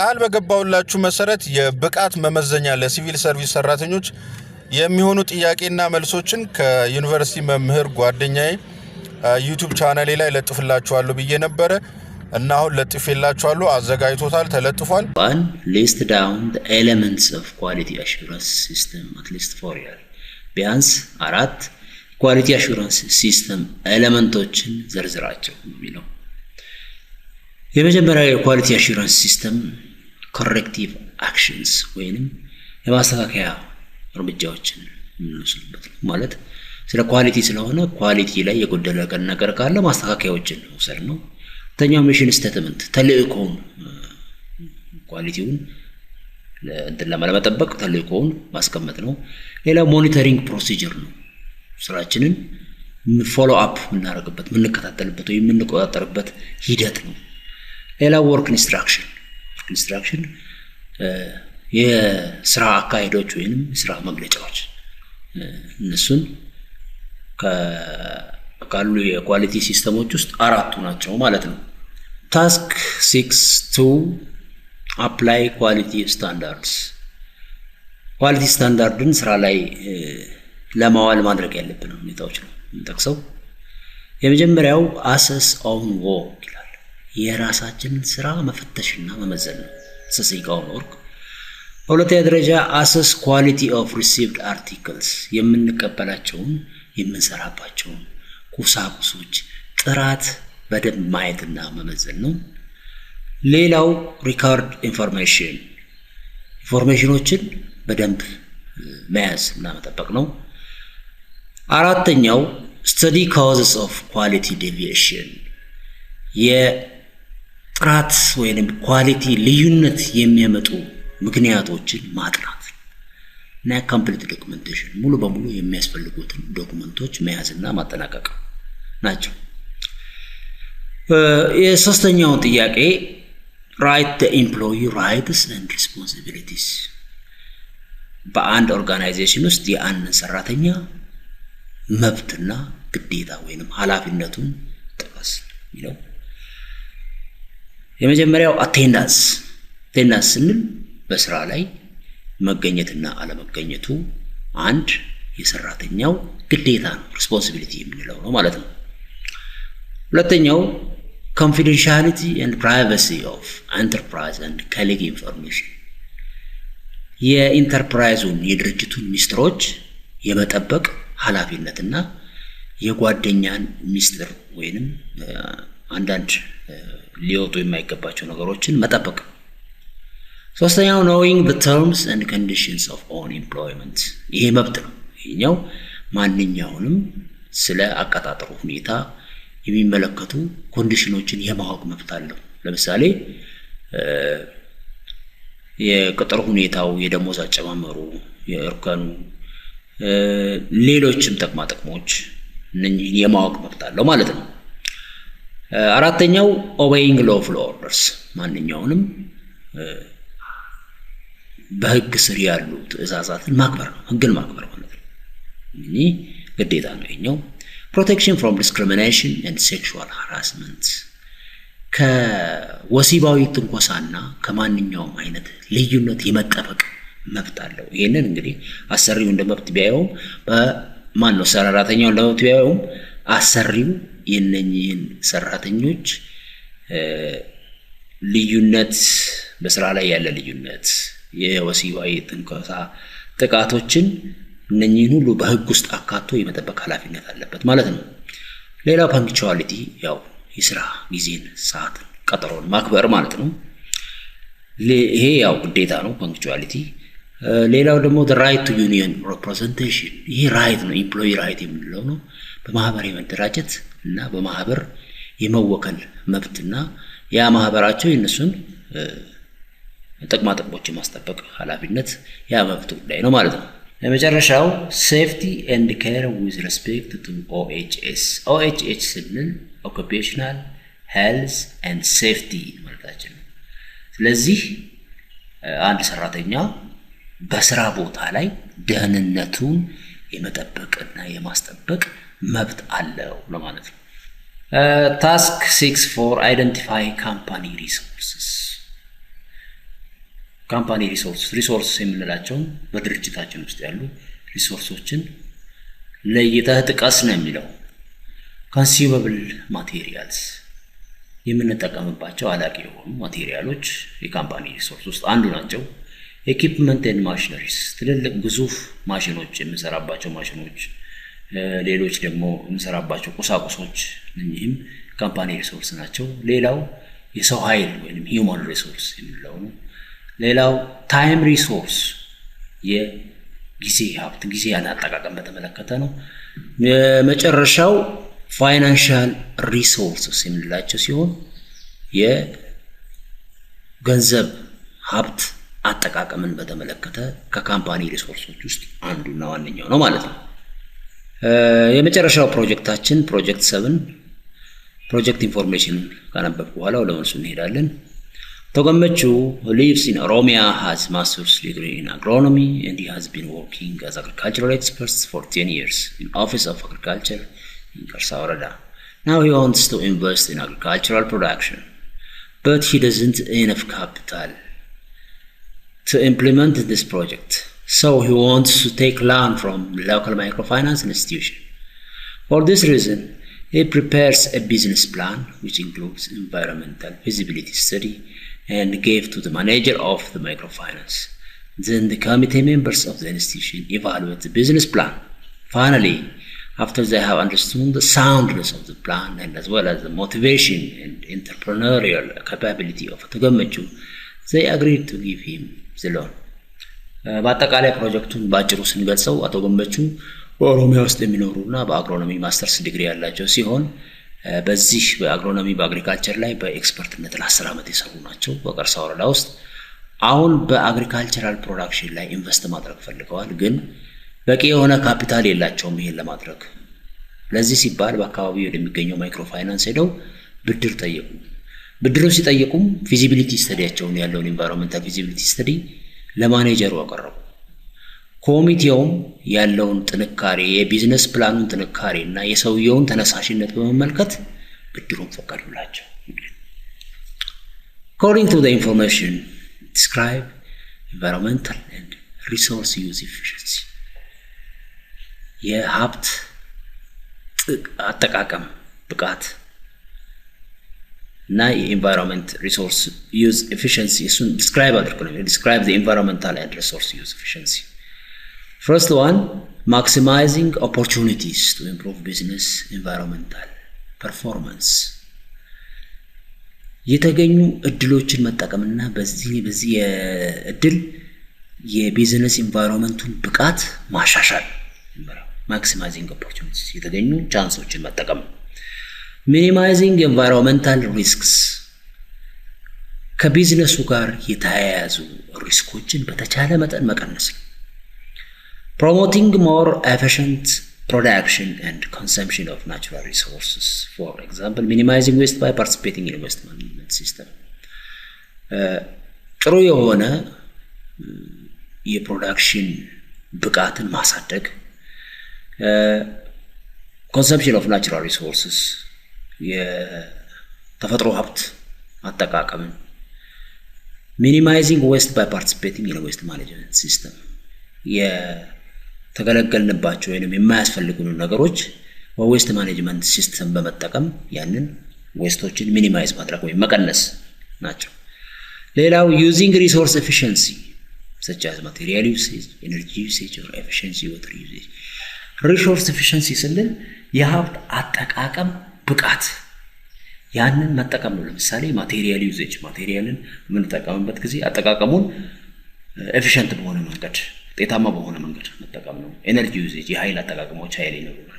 ቃል በገባውላችሁ መሰረት የብቃት መመዘኛ ለሲቪል ሰርቪስ ሰራተኞች የሚሆኑ ጥያቄና መልሶችን ከዩኒቨርሲቲ መምህር ጓደኛዬ ዩቱብ ቻናሌ ላይ ለጥፍላችኋለሁ ብዬ ነበረ እና አሁን ለጥፌላችኋለሁ። አዘጋጅቶታል፣ ተለጥፏል። ዋን ሊስት ዳውን ኤሌመንትስ ኦፍ ኳሊቲ አሹራንስ ሲስተም አትሊስት ፎር ይላል። ቢያንስ አራት ኳሊቲ አሹራንስ ሲስተም ኤሌመንቶችን ዘርዝራቸው የሚለው የመጀመሪያው የኳሊቲ አሹራንስ ሲስተም ኮሬክቲቭ አክሽንስ ወይም የማስተካከያ እርምጃዎችን የምንወስድበት ነው ማለት ስለ ኳሊቲ ስለሆነ ኳሊቲ ላይ የጎደለ ቀን ነገር ካለ ማስተካከያዎችን መውሰድ ነው። ሁለተኛው ሚሽን ስቴትመንት ተልእኮውን ኳሊቲውን እንትን ለመጠበቅ ተልእኮውን ማስቀመጥ ነው። ሌላው ሞኒተሪንግ ፕሮሲጀር ነው። ስራችንን ፎሎ አፕ የምናደርግበት የምንከታተልበት ወይም የምንቆጣጠርበት ሂደት ነው። ሌላው ወርክ ኢንስትራክሽን ኢንስትራክሽን uh, የስራ አካሄዶች ወይንም ስራ መግለጫዎች uh, እነሱን ካሉ የኳሊቲ ሲስተሞች ውስጥ አራቱ ናቸው ማለት ነው። ታስክ ሲክስ ቱ አፕላይ ኳሊቲ ስታንዳርድስ ኳሊቲ ስታንዳርድን ስራ ላይ uh, ለማዋል ማድረግ ያለብን ሁኔታዎች ነው የምንጠቅሰው። የመጀመሪያው አሰስ ኦን ወርክ የራሳችንን ስራ መፈተሽና መመዘን ነው። ስስይቃውን ወርቅ በሁለተኛ ደረጃ አሰስ ኳሊቲ ኦፍ ሪሲቭድ አርቲክልስ የምንቀበላቸውን የምንሰራባቸውን ቁሳቁሶች ጥራት በደንብ ማየትና መመዘን ነው። ሌላው ሪካርድ ኢንፎርሜሽን ኢንፎርሜሽኖችን በደንብ መያዝ እና መጠበቅ ነው። አራተኛው ስተዲ ካውዝስ ኦፍ ኳሊቲ ዴቪዬሽን ጥራት ወይም ኳሊቲ ልዩነት የሚያመጡ ምክንያቶችን ማጥናት እና ኮምፕሊት ዶክመንቴሽን ሙሉ በሙሉ የሚያስፈልጉትን ዶክመንቶች መያዝና ማጠናቀቅ ናቸው። የሶስተኛውን ጥያቄ ራይት ኤምፕሎይ ራይትስ ኤንድ ሪስፖንሲቢሊቲስ በአንድ ኦርጋናይዜሽን ውስጥ የአንድን ሰራተኛ መብትና ግዴታ ወይንም ኃላፊነቱን ጥቀስ ይለው የመጀመሪያው አቴንዳንስ አቴንዳንስ ስንል በስራ ላይ መገኘትና አለመገኘቱ አንድ የሰራተኛው ግዴታ ነው፣ ሪስፖንሲቢሊቲ የምንለው ነው ማለት ነው። ሁለተኛው ኮንፊደንሻሊቲ ኤንድ ፕራይቬሲ ኦፍ ኤንተርፕራይዝ ኤንድ ከሌግ ኢንፎርሜሽን የኢንተርፕራይዙን የድርጅቱን ሚስጥሮች የመጠበቅ ኃላፊነትና የጓደኛን ሚስጥር ወይንም አንዳንድ ሊወጡ የማይገባቸው ነገሮችን መጠበቅ። ሶስተኛው ኖዊንግ ዘ ተርምስ ኤንድ ኮንዲሽንስ ኦፍ ኦን ኤምፕሎይመንት ይሄ መብት ነው። ይሄኛው ማንኛውንም ስለ አቀጣጠሩ ሁኔታ የሚመለከቱ ኮንዲሽኖችን የማወቅ መብት አለው። ለምሳሌ የቅጥር ሁኔታው፣ የደሞዝ አጨማመሩ፣ የእርከኑ፣ ሌሎችም ጥቅማ ጥቅሞች እነኝህን የማወቅ መብት አለው ማለት ነው። አራተኛው ኦቤይንግ ሎ ኦርደርስ ማንኛውንም በህግ ስር ያሉ ትእዛዛትን ማክበር ነው። ህግን ማክበር ማለት ነው። እንግዲህ ግዴታ ነው ይሄኛው። ፕሮቴክሽን ፍሮም ዲስክሪሚኔሽን ኤንድ ሴክሹዋል ሃራስመንት ከወሲባዊ ትንኮሳና ከማንኛውም አይነት ልዩነት የመጠበቅ መብት አለው። ይህንን እንግዲህ አሰሪው እንደ መብት ቢያየውም ነው ሰራተኛው እንደ መብት ቢያየውም አሰሪው የነኝህን ሰራተኞች ልዩነት፣ በስራ ላይ ያለ ልዩነት፣ የወሲባዊ ትንኮሳ ጥቃቶችን እነኝህን ሁሉ በህግ ውስጥ አካቶ የመጠበቅ ኃላፊነት አለበት ማለት ነው። ሌላ ፓንክቹዋሊቲ ያው የስራ ጊዜን፣ ሰዓትን፣ ቀጠሮን ማክበር ማለት ነው። ይሄ ያው ግዴታ ነው ፓንክቹዋሊቲ። ሌላው ደግሞ ራይት ቱ ዩኒየን ሪፕሬዘንቴሽን ይሄ ራይት ነው፣ ኢምፕሎይ ራይት የምንለው ነው። በማህበር የመደራጀት እና በማህበር የመወከል መብትና ያ ማህበራቸው የእነሱን ጥቅማጥቅሞች የማስጠበቅ ኃላፊነት ያ መብት ጉዳይ ነው ማለት ነው። የመጨረሻው ሴፍቲ ኤንድ ኬር ዊዝ ሬስፔክት ቱ ኦኤችኤስ። ኦኤችኤስ ስንል ኦኩፔሽናል ሄልስ ኤንድ ሴፍቲ ማለታችን ነው። ስለዚህ አንድ ሰራተኛ በስራ ቦታ ላይ ደህንነቱን የመጠበቅና የማስጠበቅ መብት አለው ለማለት ነው። ታስክ ሲክስ ፎር አይደንቲፋይ ካምፓኒ ሪሶርስስ ካምፓኒ ሪሶርስ ሪሶርስ የምንላቸውን በድርጅታችን ውስጥ ያሉ ሪሶርሶችን ለይተህ ጥቀስ ነው የሚለው። ኮንሱመብል ማቴሪያልስ የምንጠቀምባቸው አላቂ የሆኑ ማቴሪያሎች የካምፓኒ ሪሶርስ ውስጥ አንዱ ናቸው። ኤኪፕመንት ኤንድ ማሽነሪስ ትልልቅ ግዙፍ ማሽኖች የምንሰራባቸው ማሽኖች፣ ሌሎች ደግሞ የምንሰራባቸው ቁሳቁሶች እኚህም ካምፓኒ ሪሶርስ ናቸው። ሌላው የሰው ኃይል ወይም ሂውማን ሪሶርስ የምንለው ነው። ሌላው ታይም ሪሶርስ የጊዜ ሀብት ጊዜ አጠቃቀም በተመለከተ ነው። የመጨረሻው ፋይናንሻል ሪሶርስስ የምንላቸው ሲሆን የገንዘብ ሀብት አጠቃቀምን በተመለከተ ከካምፓኒ ሪሶርሶች ውስጥ አንዱና ዋነኛው ነው ማለት ነው። የመጨረሻው ፕሮጀክታችን ፕሮጀክት ሰብን ፕሮጀክት ኢንፎርሜሽን ካነበብኩ በኋላ ወደ መልሱ እንሄዳለን። ተገመቹ ሊቭስ ኢን ኦሮሚያ ሃዝ ማስተርስ ዲግሪ ኢን አግሮኖሚ ኤንድ ሃዝ ቢን ወርኪንግ አዝ አግሪካልቸራል ኤክስፐርት ፎር ቴን ይርስ ኢን ኦፊስ ኦፍ አግሪካልቸር ኢን ከርሳ ወረዳ ናው ሂ ዋንትስ ቱ ኢንቨስት ኢን አግሪካልቸራል ፕሮዳክሽን በት ሂ ደዝንት ኢነፍ ካፒታል to implement this project. So he wants to take loan from local microfinance institution. For this reason, he prepares a business plan which includes environmental feasibility study and gave to the manager of the microfinance. Then the committee members of the institution evaluate the business plan. Finally, after they have understood the soundness of the plan and as well as the motivation and entrepreneurial capability of Togamechu, they agreed to give him ስለዋል። በአጠቃላይ ፕሮጀክቱን በአጭሩ ስንገልጸው አቶ ገመቹ በኦሮሚያ ውስጥ የሚኖሩ እና በአግሮኖሚ ማስተርስ ዲግሪ ያላቸው ሲሆን በዚህ በአግሮኖሚ በአግሪካልቸር ላይ በኤክስፐርትነት ለአስር ዓመት የሰሩ ናቸው። በቀርሳ ወረዳ ውስጥ አሁን በአግሪካልቸራል ፕሮዳክሽን ላይ ኢንቨስት ማድረግ ፈልገዋል፣ ግን በቂ የሆነ ካፒታል የላቸውም ይሄን ለማድረግ። ለዚህ ሲባል በአካባቢው ወደሚገኘው ማይክሮ ፋይናንስ ሄደው ብድር ጠየቁ። ብድሩን ሲጠይቁም ፊዚቢሊቲ ስተዲያቸውን ያለውን ኢንቫይሮንመንታል ፊዚቢሊቲ ስተዲ ለማኔጀሩ አቀረቡ። ኮሚቴውም ያለውን ጥንካሬ የቢዝነስ ፕላኑን ጥንካሬ እና የሰውየውን ተነሳሽነት በመመልከት ብድሩን ፈቀዱላቸው። አኮርዲንግ ቱ ኢንፎርሜሽን ዲስክራይብ ኢንቫይሮንመንታል ኤንድ ሪሶርስ ዩዝ ኤፊሽንሲ የሀብት አጠቃቀም ብቃት እና የኢንቫይሮንመንት ሪሶርስ ዩዝ ኤፊሽንሲ እሱን ዲስክራይብ አድርጎ ነው ዲስክራይብ ዘ ኢንቫይሮንመንታል ኤንድ ሪሶርስ ዩዝ ኤፊሽንሲ ፈርስት ዋን ማክሲማይዚንግ ኦፖርቹኒቲስ ቱ ኢምፕሩቭ ቢዝነስ ኢንቫይሮንመንታል ፐርፎርማንስ የተገኙ እድሎችን መጠቀምና በዚህ በዚህ እድል የቢዝነስ ኢንቫይሮንመንቱን ብቃት ማሻሻል ማክሲማይዚንግ ኦፖርቹኒቲስ የተገኙ ቻንሶችን መጠቀም ነው ሚኒማይዚንግ ኤንቫይሮንመንታል ሪስክስ ከቢዝነሱ ጋር የተያያዙ ሪስኮችን በተቻለ መጠን መቀነስ ነው። ፕሮሞቲንግ ሞር ኤፊሽንት ፕሮዳክሽን ኤንድ ኮንሰምፕሽን ኦፍ ናቹራል ሪሶርስስ ፎር ኤግዛምፕል ሚኒማይዚንግ ዌስት ባይ ፓርቲሲፔቲንግ ኢን ዌስት ማኔጅመንት ሲስተም ጥሩ የሆነ የፕሮዳክሽን ብቃትን ማሳደግ ኮንሰምፕሽን ኦፍ ናቹራል ሪሶርስስ የተፈጥሮ ሀብት አጠቃቀምን ሚኒማይዚንግ ዌስት ባይ ፓርቲሲፔቲንግ ኢን ዌስት ማኔጅመንት ሲስተም የተገለገልንባቸው ወይም የማያስፈልጉን ነገሮች በዌስት ማኔጅመንት ሲስተም በመጠቀም ያንን ዌስቶችን ሚኒማይዝ ማድረግ ወይም መቀነስ ናቸው። ሌላው ዩዚንግ ሪሶርስ ኤፊሽንሲ ሰች አዝ ማቴሪያል ዩሴጅ፣ ኤነርጂ ዩሴጅ፣ ኦር ኤፊሽንሲ ወትር ዩሴጅ። ሪሶርስ ኤፊሽንሲ ስንል የሀብት አጠቃቀም ብቃት ያንን መጠቀም ነው። ለምሳሌ ማቴሪያል ዩዜጅ ማቴሪያልን የምንጠቀምበት ጊዜ አጠቃቀሙን ኤፊሽንት በሆነ መንገድ ውጤታማ በሆነ መንገድ መጠቀም ነው። ኤነርጂ ዩዜጅ የኃይል አጠቃቀሞች ኃይል ይኖሩናል።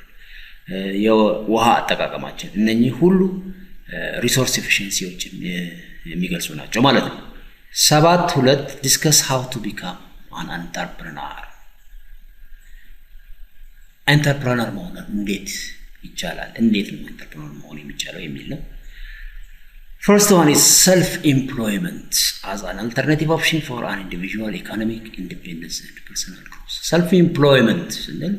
የውሃ አጠቃቀማችን እነኚህ ሁሉ ሪሶርስ ኤፊሽንሲዎች የሚገልጹ ናቸው ማለት ነው። ሰባት ሁለት ዲስከስ ሃው ቱ ቢካም አን አንተርፕረናር ኤንተርፕረነር መሆን እንዴት ይቻላል፣ እንዴት ነው ኢንተርፕረነር መሆን የሚቻለው የሚል ነው። ፈርስት ዋን ኢዝ ሰልፍ ኤምፕሎይመንት አዝ አን አልተርናቲቭ ኦፕሽን ፎር አን ኢንዲቪዥዋል ኢኮኖሚክ ኢንዲፔንደንስ ኤንድ ፐርሰናል ግሮስ። ሰልፍ ኤምፕሎይመንት ስንል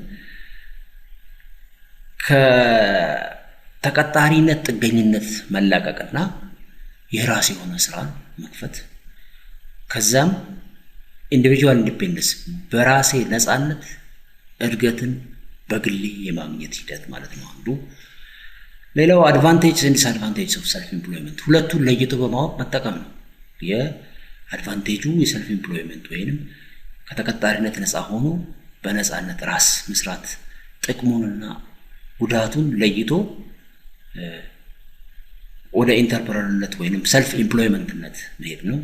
ከተቀጣሪነት ጥገኝነት መላቀቅና የራስ የሆነ ስራ መክፈት ከዛም ኢንዲቪዥዋል ኢንዲፔንደንስ በራሴ ነፃነት እድገትን በግሌ የማግኘት ሂደት ማለት ነው አንዱ። ሌላው አድቫንቴጅ ዲስ አድቫንቴጅ ኦፍ ሰልፍ ኤምፕሎይመንት ሁለቱን ለይቶ በማወቅ መጠቀም ነው። የአድቫንቴጁ የሰልፍ ኤምፕሎይመንት ወይንም ከተቀጣሪነት ነፃ ሆኖ በነፃነት ራስ መስራት ጥቅሙንና ጉዳቱን ለይቶ ወደ ኢንተርፕረነርነት ወይንም ሰልፍ ኤምፕሎይመንትነት መሄድ ነው።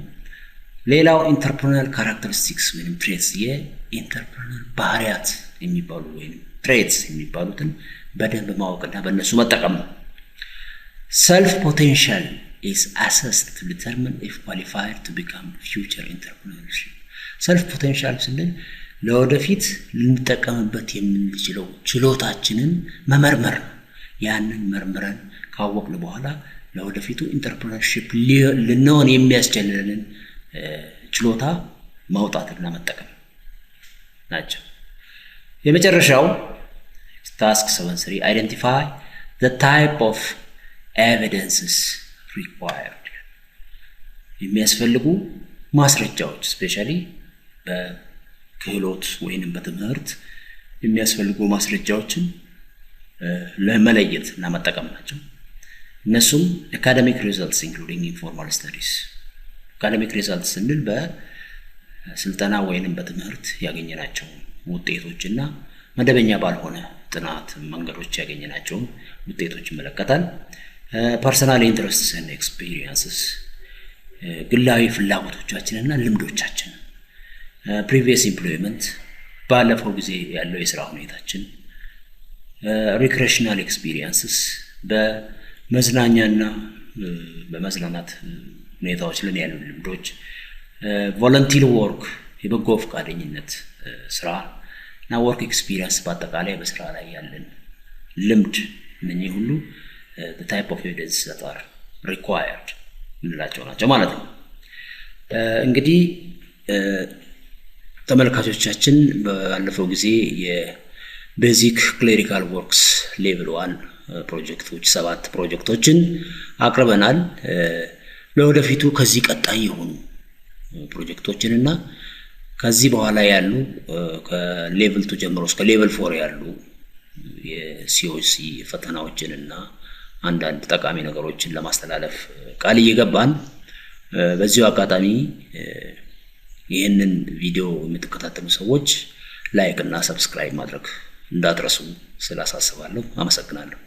ሌላው ኢንተርፕረነር ካራክተሪስቲክስ ወይም ትሬትስ የኢንተርፕረነር ባህሪያት የሚባሉ ወይም ትሬትስ የሚባሉትን በደንብ ማወቅና በእነሱ መጠቀም ነው። ሰልፍ ፖቴንሻል ኢዝ አሰስድ ቱ ዲተርሚን ኢፍ ኳሊፋይድ ቱ ቢካም ፊውቸር ኢንተርፕሪነርሺፕ። ሰልፍ ፖቴንሻል ስንል ለወደፊት ልንጠቀምበት የምንችለው ችሎታችንን መመርመር ነው። ያንን መርምረን ካወቅን በኋላ ለወደፊቱ ኢንተርፕሪነርሺፕ ልንሆን የሚያስችልንን ችሎታ ማውጣትና መጠቀም ናቸው። የመጨረሻው ታስክ 73 አይደንቲፋይ ዘ ታይፕ ኦፍ ኤቪደንስስ ሪኳርድ የሚያስፈልጉ ማስረጃዎች ስፔሻሊ በክህሎት ወይንም በትምህርት የሚያስፈልጉ ማስረጃዎችን ለመለየት እና መጠቀም ናቸው። እነሱም አካደሚክ ሪዛልትስ ኢንክሉዲንግ ኢንፎርማል ስተዲስ። አካደሚክ ሪዛልትስ ስንል በስልጠና ወይንም በትምህርት ያገኘ ናቸው። ውጤቶች እና መደበኛ ባልሆነ ጥናት መንገዶች ያገኘናቸውን ውጤቶች ይመለከታል። ፐርሰናል ኢንትረስትስ ኤንድ ኤክስፒሪየንስስ ግላዊ ፍላጎቶቻችንና ልምዶቻችን፣ ፕሪቪየስ ኢምፕሎይመንት ባለፈው ጊዜ ያለው የስራ ሁኔታችን፣ ሪክሬሽናል ኤክስፒሪየንስስ በመዝናኛና በመዝናናት ሁኔታዎች ለን ያሉ ልምዶች፣ ቮለንቲር ወርክ የበጎ ፈቃደኝነት ስራ እና ወርክ ኤክስፒሪየንስ በአጠቃላይ በስራ ላይ ያለን ልምድ እነኚህ ሁሉ ታይፕ ኦፍ ኤቪደንስ ዘጠር ሪኳየርድ ናቸው ማለት ነው። uh, እንግዲህ uh, ተመልካቾቻችን ባለፈው ጊዜ የቤዚክ ክሌሪካል ወርክስ ሌቭል ዋን ፕሮጀክቶች ሰባት ፕሮጀክቶችን አቅርበናል። uh, ለወደፊቱ ከዚህ ቀጣይ የሆኑ እና ከዚህ በኋላ ያሉ ከሌቭል ቱ ጀምሮ እስከ ሌቭል ፎር ያሉ የሲኦሲ ፈተናዎችን እና አንዳንድ ጠቃሚ ነገሮችን ለማስተላለፍ ቃል እየገባን በዚሁ አጋጣሚ ይህንን ቪዲዮ የምትከታተሉ ሰዎች ላይክ እና ሰብስክራይብ ማድረግ እንዳትረሱ ስላሳስባለሁ። አመሰግናለሁ።